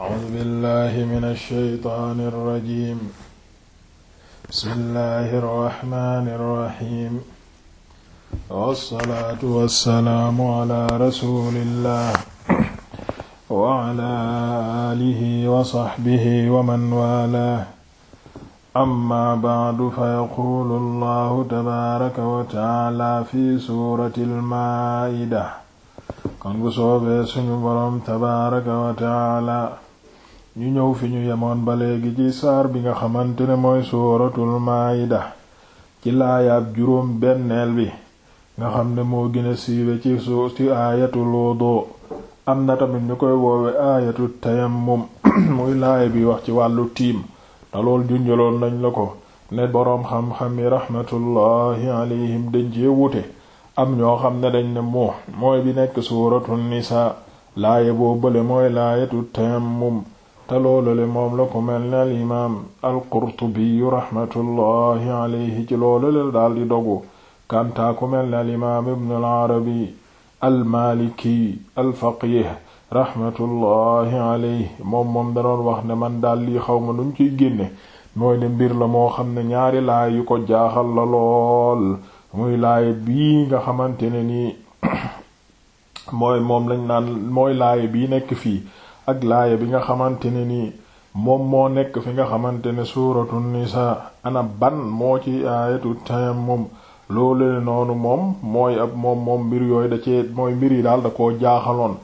أعوذ بالله من الشيطان الرجيم بسم الله الرحمن الرحيم والصلاة والسلام على رسول الله وعلى آله وصحبه ومن والاه أما بعد فيقول الله تبارك وتعالى في سورة المائدة kon bu soobee suñu boroom tabaaraka wa taala ñu ñëw fi ñu yemoon ba léegi ci saar bi nga xamante ne mooy suuratul maayida ci laayaab juróom benneel bi nga xam ne moo gëna a siiwe ci su ci aayatul wudu am na tamit ñu koy woowe aayatul tayammum muy laaya bi wax ci wàllu tiim te lool junjaloon nañ la ko ne boroom xam-xam yi raxmatullaahi alayhim dañ ci wute am ñoo xam ne dañ ne moo mooy bi nekk suuratul nisaa laaya boo bële mooy laayatul tayammum te loolale moom la ko mel ne al imaam al qurtubi raxmatullahi alayhi ci loolale daal di dogu kantaa ku mel ne al imaam ibn al arabi al maliki al faqih raxmatullahi alayhi moom moom da wax ne man daal lii xaw ma nuñ ciy génne mooy ne mbir la moo xam ne ñaari laay yu ko jaaxal la lool muy laay bii nga xamante ne nii mooy moom lañ naan mooy laay bii nekk fii ak laaya bi nga xamante ne nii moom moo nekk fi nga xamante ne suuratu nisa ana ban moo ci aayatu tayammum loolu le noonu moom mooy ab moom moom mbir yooyu da mooy mbir yi daal da koo jaaxaloon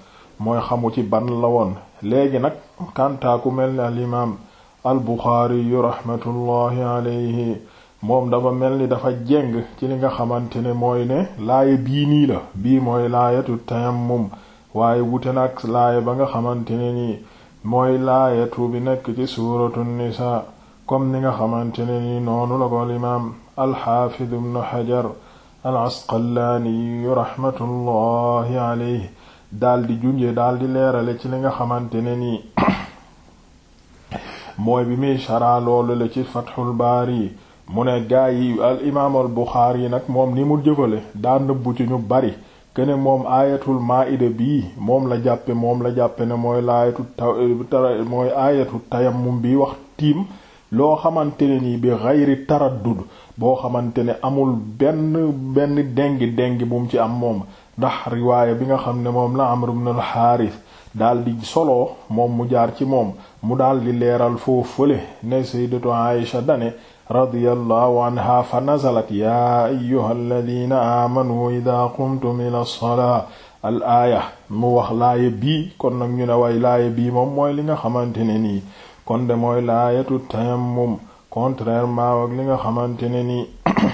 mooy xamu ci ban la woon léegi nag kantaaku mel ni al imaam al buxaari yu rahmatullahi alayhi moom dafa mel ni dafa jéng ci li nga xamante ne mooy ne laaya bii nii la bii mooy laayatu tayammum waaye wute nag ak laaya ba nga xamante ne nii mooy laayatu bi nekk ci suuratu nisaa comme ni nga xamante ne nii noonu la ko al imaam alxaafid ibnu xajar al asqalaani raxmatullahi alayhi daal di junje daal di leerale ci li nga xamante ne nii mooy bi muy sharaa loolu la ci fatxul baari mu ne gaa yi al imaam al nag moom ni mu jëfale daa nëbbu ci ñu bari kene moom ayatul maida bii moom la jàppe moom la jàppe ne mooy laayatu ta mooy ayatu tayammum bi wax tiim loo xamante ne nii bi xayri taraddud boo xamante ne amul benn benn dengi dengi bu ci am moom ndax riwaaya bi nga xam ne moom la Amr ibn al daldi solo moom mu jaar ci moom mu di leeral foofu fële ne sayyidatu Aisha dane radiyallahu anha fa nazalat yaa ayyuhal mu wax laaya bii kon nag ñu ne way laaya bii moom mooy li nga xamante ne nii kon de mooy laayatu tayammum contrairement li nga xamante ne nii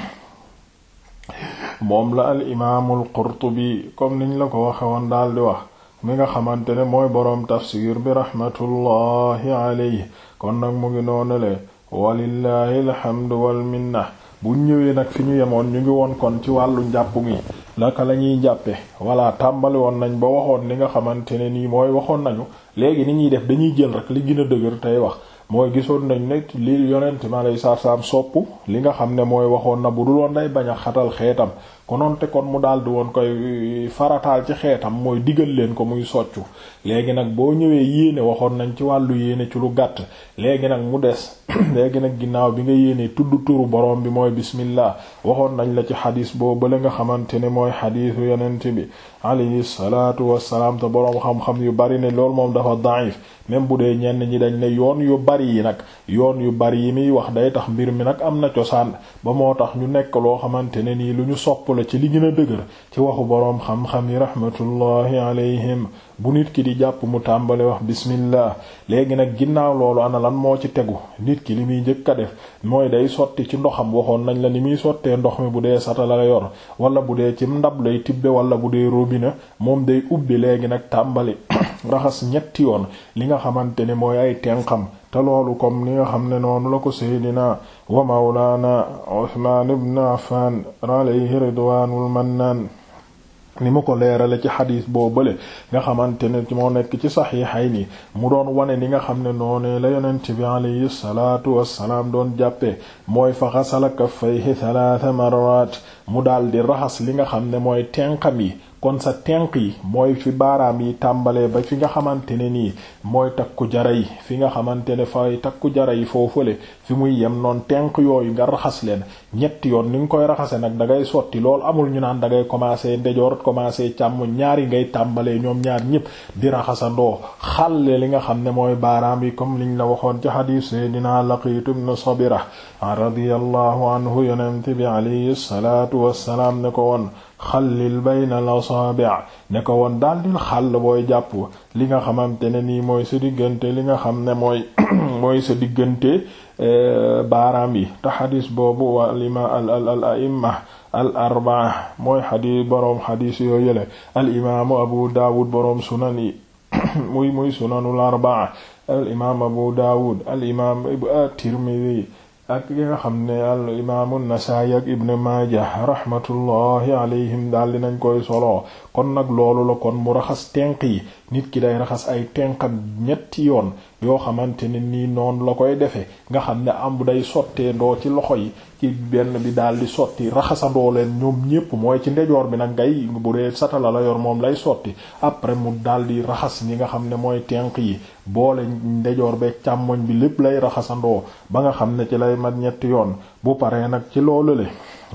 moom la al imaamul Qurtubi comme niñ la ko waxe woon di wax mi nga xamante ne mooy boroom tafsiir bi raxmatullaahi alayhi kon nag mu ngi noonule walillaahi alxamdu wal minna bu ñëwee nag fi ñu yemoon ñu ngi woon kon ci wàllu njàpp gi naka la ñuy jàppe walla tàmbali woon nañ ba waxoon li nga xamante ne nii mooy waxoon nañu léegi ni ñuy def dañuy jël rek li gën a dëgër tey wax mooy gisoon nañ ne lii yonent ma lay saar-saam sopp li nga xam ne mooy waxoon na bu dul woon day bañ a xatal xeetam kononte kon mu daldi woon koy farataal ci xeetam mooy diggal leen ko muy soccu léegi nag boo ñëwee yéene waxoon nañ ci wàllu yéene ci lu gàtt léegi nag mu des léegi nag ginnaaw bi nga yéene tudd turu borom bi mooy bismillah waxoon nañ la ci xadiis boo li nga xamante ne mooy xadiisu yonent bi alayhi salaatu wassalaam te boroom xam-xam yu bari ne loolu moom dafa daif bu dee ñenn yoon yu bari yi nag yoon yu bari yi muy wax day tax mbir mi nag am na cosaan ba moo tax ñu nekk loo xamante ne nii lu ñu sopp la ci li gën a dëgër ci waxu boroom xam-xam yi rahmatullahi alayhim bu nit ki di jàpp mu tàmbale wax bismillah léegi nag ginnaaw loolu ana lan moo ci tegu nit ki li muy njëkk a def mooy day sotti ci ndoxam waxoon nañ la ni muy sottee ndox mi bu dee satala la yor wala bu dee ci ndab lay tibbe wala bu dee robinet moom day ubbi léegi nag tàmbali raxas ñetti yoon li nga xamante ne mooy ay tenqam te loolu comme ni nga xam ne noonu la ko seydina wa mawlaana Usmaan ibn Affaan alayhi ridwaanul mannaan ni mu ko leerale ci xadiis boo bële nga xamante ne moo nekk ci saxiixayni mu doon wane ni nga xam ne noonee la yonent bi alayhi salaatu wassalaam doon jàppee mooy fa xasala kaffayhi thalaatha marraat mu daldi raxas li nga xam ne mooy tenqam yi kon sa tenq yi mooy fi baaraam yi tàmbalee ba fi nga xamante ne nii mooy takku jara yi fi nga xamante ne fay takku jara yi foofale fi muy yem noon tenq yooyu nga raxas leen ñetti yoon ni nga koy raxase nag da ngay sotti lool amul ñu naan dangay ngay commencer ndejoor commencer càmm ñaari ngay tàmbalee ñoom ñaar ñëpp di raxasandoo xàlle li nga xam ne mooy baaraam yi comme liñ la waxoon ci xadiis Seydina Laqiit ibn Sabira radiyallahu anhu yonent bi alayhi salaatu wassalaam ne ko woon xallil bayna al-asaabi' ne ko woon daaldil xal booy jàpp li nga xamante ne nii mooy sa diggante li nga xam ne mooy mooy sa diggante eh, baaraam yi te xadis boobu walima al al al al arbaa mooy xadis boroom xadis yoo yële abu daawud boroom sunan yi muy muy sunanul arbaa al imaam abu daawud al imaam at-tirmidhi ak li nga xam ne al imaamu Nasaa'i ak Ibn Maaja rahmatullahi alayhim daal dinañ koy solo kon nag loolu kon mu raxas tenq yi nit ki day raxas ay tenqam ñetti yoon yoo xamante ne nii noonu la koy defee nga xam ne am day sottee ndoo ci loxo yi ci benn bi daal di sotti raxasandoo leen ñoom ñépp mooy ci ndejoor bi nag ngay bu dee satala la yor moom lay sotti après mu daal di raxas ni nga xam ne mooy tenq yi boole ndejoor beeg càmmoñ bi lépp lay raxasandoo ba nga xam ne ci lay mat ñetti yoon bu paree nag ci loolu le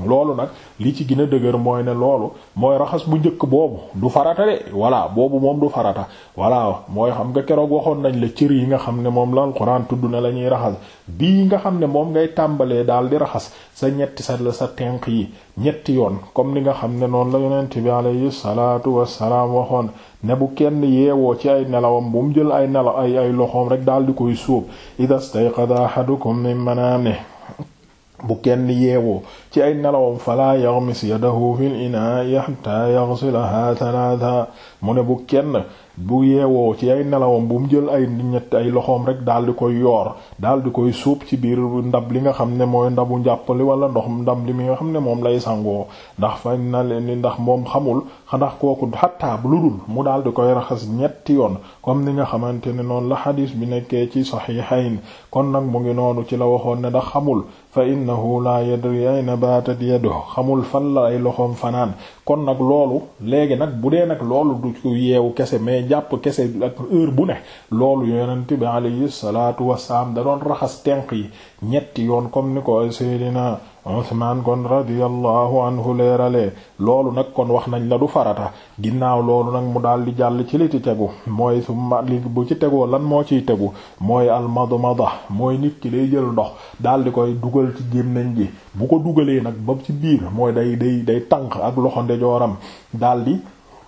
loolu nag li ci gën a dëgër mooy ne loolu mooy raxas bu njëkk boobu du farata de voilà boobu moom du farata voilà mooy xam nga keroog waxoon nañ la cër yi nga xam ne moom la alxuraan tudd na la ñuy raxas bii nga xam ne moom ngay tàmbalee daal di raxas sa ñetti sa la sa tenq yi ñetti yoon comme ni nga xam ne noonu la yonent bi alayhi salaatu wassalaam waxoon ne bu kenn yeewoo ci ay nelawam bu mu jël ay nelaw ay ay loxoom rek daal di koy sóob idastayqada ahadukum min manaamih bu kenn yeewoo ci ay nelawam fala yaxmis yadahu fil inaa'i hatta yaxsilaha thalatha mu ne bu kenn bu yewoo ci ay nelawam bum jël ay ñett ay loxoom rek daal di koy yoor daal di koy suub ci biir ndab li nga xam ne mooy ndabu njàppali wala ndox ndab li mi nga xam ne moom lay sangoo ndax fa na leen ndax moom xamul ndax kooku xattaa bu ludul mu daal di koy raxas ñetti yoon comme ni nga xamante ne noonu la xadiis nekkee ci saxiixayn kon nag mu ngi noonu ci la waxoon ne ndax xamul fa innahu la yadri baatat yadu xamul fan la ay loxoom fanaan kon nag loolu léegi nag bu dee nag loolu du ko yeewu kese mais jàpp kese ak heure bu ne loolu yonent bi alayhi salaatu wasalaam da doon raxas tenq yi ñetti yoon comme ni ko Seydina Usmaan kon radiyallahu anhu leeralee loolu nag kon wax nañ la du farata ginnaaw loolu nag mu daal di jàll ci li ci tegu mooy su ma li bu ci tegoo lan moo ciy tegu mooy almadmada mooy nit ki day jël ndox daal di koy dugal ci gémmiñ gi bu ko dugalee nag ba ci biir mooy day day day tànq ak loxo ndejooram daal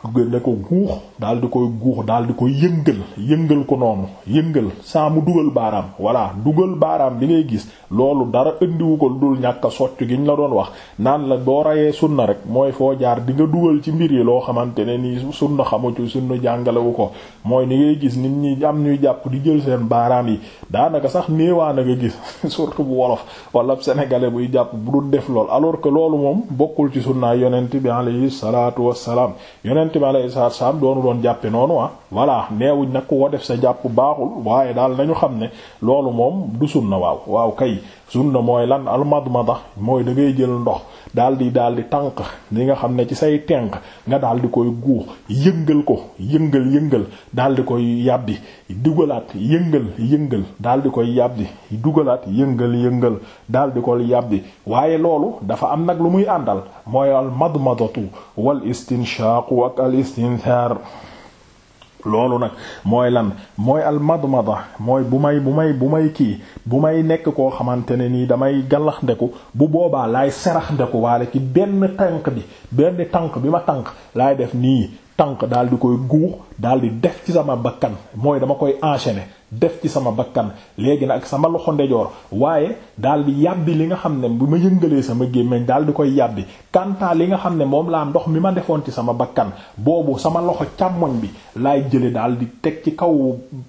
ne ko guux daal di koy guux daal di koy yëngal yëngal ko noonu yëngal saa mu dugal baaraam voilà dugal baaraam bi ngay gis loolu dara indiwu ko lu dul ñàkk a soccu gi ñu la doon wax naan la boo rayee sunna rek mooy foo jaar di nga dugal ci mbir yi loo xamante ne nii sunna xamu ci sunna jàngalewu ko mooy ni ngay gis nit ñi am ñuy jàpp di jël seen baaraam yi daanaka sax néewaa na nga gis surtout bu wolof wala sénégalais buy jàpp bu dul def lool alors que loolu moom bokkul ci sunna yonent bi alayhi salaatu wassalaam yonent bi alayhi salaatu salaam doonu doon jàppe noonu ah voilà neewuñ nag ku def sa jàpp baaxul waaye daal nañu xam ne loolu moom du sunna waaw waaw kay sunna mooy lan almadmada mooy da ngay ndox daal di daal di tànq li nga xam ne ci say tenq nga daal di koy guux yëngal ko yëngal yëngal daal di koy yàbbi dugalaat yëngal yëngal daal di koy yàbbi dugalaat yëngal yëngal daal di koy yàbbi waaye loolu dafa am nag lu muy àndal mooy almadmadatu wal istinshaqu ak ak al istinthar loolu nag mooy lan mooy al madmada mooy bu may bu may bu may kii bu may nekk koo xamante ne nii damay gàllax ndeku bu boobaa laay serax ndeku waale ci benn tànk bi benn tànk bi ma tànk lay def nii tànk daal di koy guux daal di def ci sama bakkan mooy dama koy enchaîner def ci sama bakkan léegi ak sama loxo ndejoor waaye daal di yàbbi li nga xam ne bu ma yëngalee sama gémmiñ daal di koy yàbbi kantaa li nga xam ne moom laa ndox mi ma defoon ci sama bakkan boobu sama loxo càmmoñ bi laay jële daal di teg ci kaw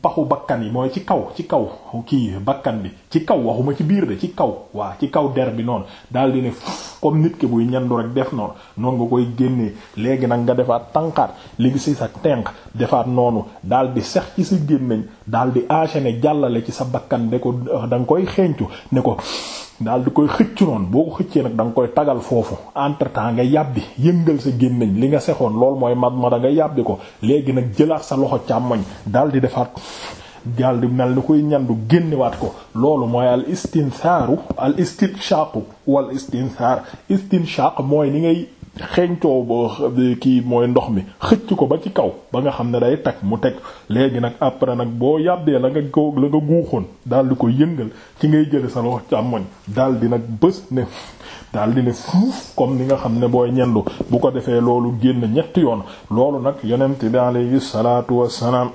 paxu bakkan yi mooy ci kaw ci kaw kii bakkan bi ci kaw waxuma ci biir de ci kaw waa ci kaw der bi noonu daal di ne comme nit ki buy ñandu rek def noonu noonu nga koy génnee léegi nag nga defaat tànqaat léegi si sa tenq defaat noonu daal di sex ci sa gémmiñ daal di enchaîner jàllale ci sa bakkan de ko euh, da nga koy xeeñcu ne ko daal di koy xëccu noonu boo ko xëccee nag da nga koy tagal foofu entre temps nga yàbbi yëngal sa gémmiñ li nga sexoon loolu mooy mat mada nga yàbbi ko léegi nag jëlaat sa loxo càmmoñ daal di defaat daldi mel ni kuy ñandu génnewaat ko loolu mooy al istinthaaru al istinshaqu wal istinthaar istinshaq mooy ni ngay xeeñtoo boo kii mooy ndox mi xëcc ko ba ci kaw ba nga xam ne day tag mu teg léegi nag après nag boo yàbbee la nga ko la nga guuxoon daal di ko yëngal ci ngay jële sa loxo càmmoñ daal di nag bës ne daal di ne fuuf comme ni nga xam ne booy ñandu bu ko defee loolu génn ñetti yoon loolu nag yonent bi alayhi salaatu wassalaam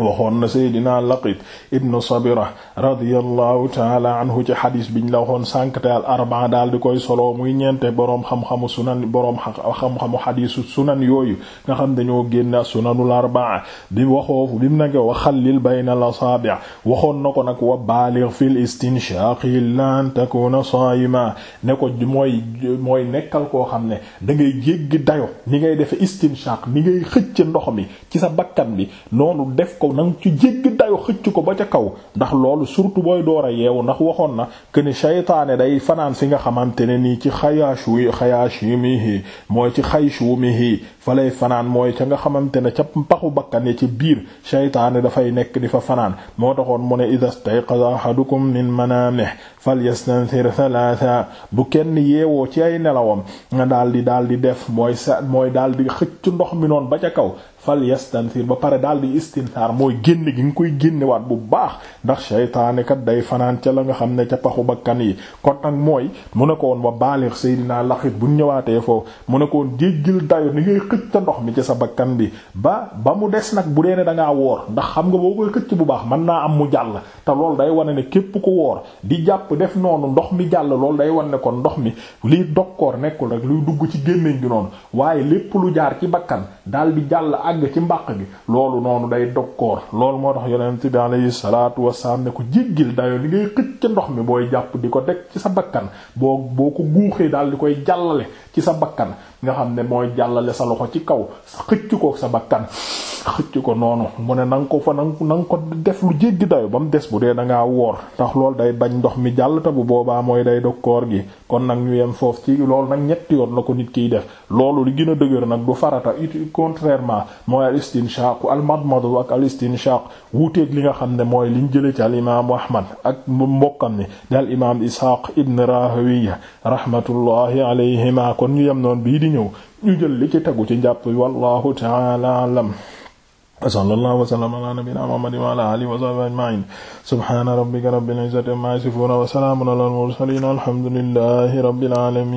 waxoon na Seydina Laqit ibnu Sabira radiyallahu taala anhu ci xadis biñ la waxoon sànkte al arbaa daal di koy solo muy ñeente boroom xam-xamu sunan boroom xam-xamu xadisu sunan yooyu nga xam dañoo génne sunanul arbaa bi waxoofu bi mu nag waxallil bayna al asaabi' waxoon na ko nag wa baaligh fil istinshaqi lan takuna saayima ne ko mooy mooy nekkal koo xam ne da ngay jéggi dayo ni ngay defe istinshaq ni ngay xëcc ndox mi ci sa bakkan bi noonu def ko nang ci jégg dayo xëcc ko ba ca kaw ndax loolu surtout booy door a yeewu ndax waxoon na këni shaytaane day fanaan fi nga xamante ne nii ci xayashu xayashimihi mooy ci xayshumihi fa lay fanaan mooy ca nga xamante ne ca paxu bakkan ya ca biir shaytaane dafay nekk di fa fanaan moo taxoon mu ne idha istayqaza ahadukum min manamihi falyastanthir thalatha bu kenn yeewoo ci ay nelawam nga daal di daal di def mooy sa mooy daal di xëcc ndox mi noonu ba ca kaw fal yastansir ba pare daal di istinsaar mooy génn gi nga koy génnewaat bu baax ndax seytaane kat day fanaan ca la nga xam ne ca paxu bakkan yi kon nag mooy mu ne ko woon ba baalix Seydina Laxit bu ñëwaatee foofu mu ne ko xëcc ndox mi ci sa bakkan bi ba ba mu des nag bu dee ne da ngaa woor ndax xam nga boo koy xëcc bu baax man naa am mu jàll te loolu day wane ne képp ku woor di jàpp def noonu ndox mi jàll loolu day wane ne kon ndox mi liy dokkoor nekkul rek luy dugg ci gémmiñ gi noonu waaye lépp lu jaar ci bakkan daal di jàll àgg ci mbàq gi loolu noonu day dokkoor loolu moo tax yonent bi alayhi salaatu wasalaam ne ko jéggil dayo li ngay xëcc ndox mi booy jàpp di ko teg ci sa bakkan boo boo ko guuxee daal di koy jàllale ci sa bakkan nga xam ne mooy jàllale sa loxo ko ci kaw xëcc ko sa bakkan xëcc ko noonu mu ne na nga ko fa na nga ko def lu jéggi dayo ba mu des bu dee da ngaa woor tax loolu day bañ ndox mi jàll te bu boobaa mooy day dog koor gi kon nag ñu yem foofu ci loolu nag ñetti yoon la ko nit kiy def loolu li gën a dëgër nag du farata it contrairement mooy al istinshaq al madmadu ak al istinshaq li nga xam ne mooy liñ jële ci al imaamu ahmad ak mbokkam ni daal imaam ishaaq ibn rahawiya rahmatullahi alayhima bii di ñëw ñu jël li ci tegu ci njàpp wallahu ta'ala a'lam sallallahu wa sallam ala nabiyyina muhammadin wa ala alihi wa sahbihi ajma'in subhana rabbika rabbil izzati amma yasifun wa salamun alal mursalin alhamdulillahi rabbil alamin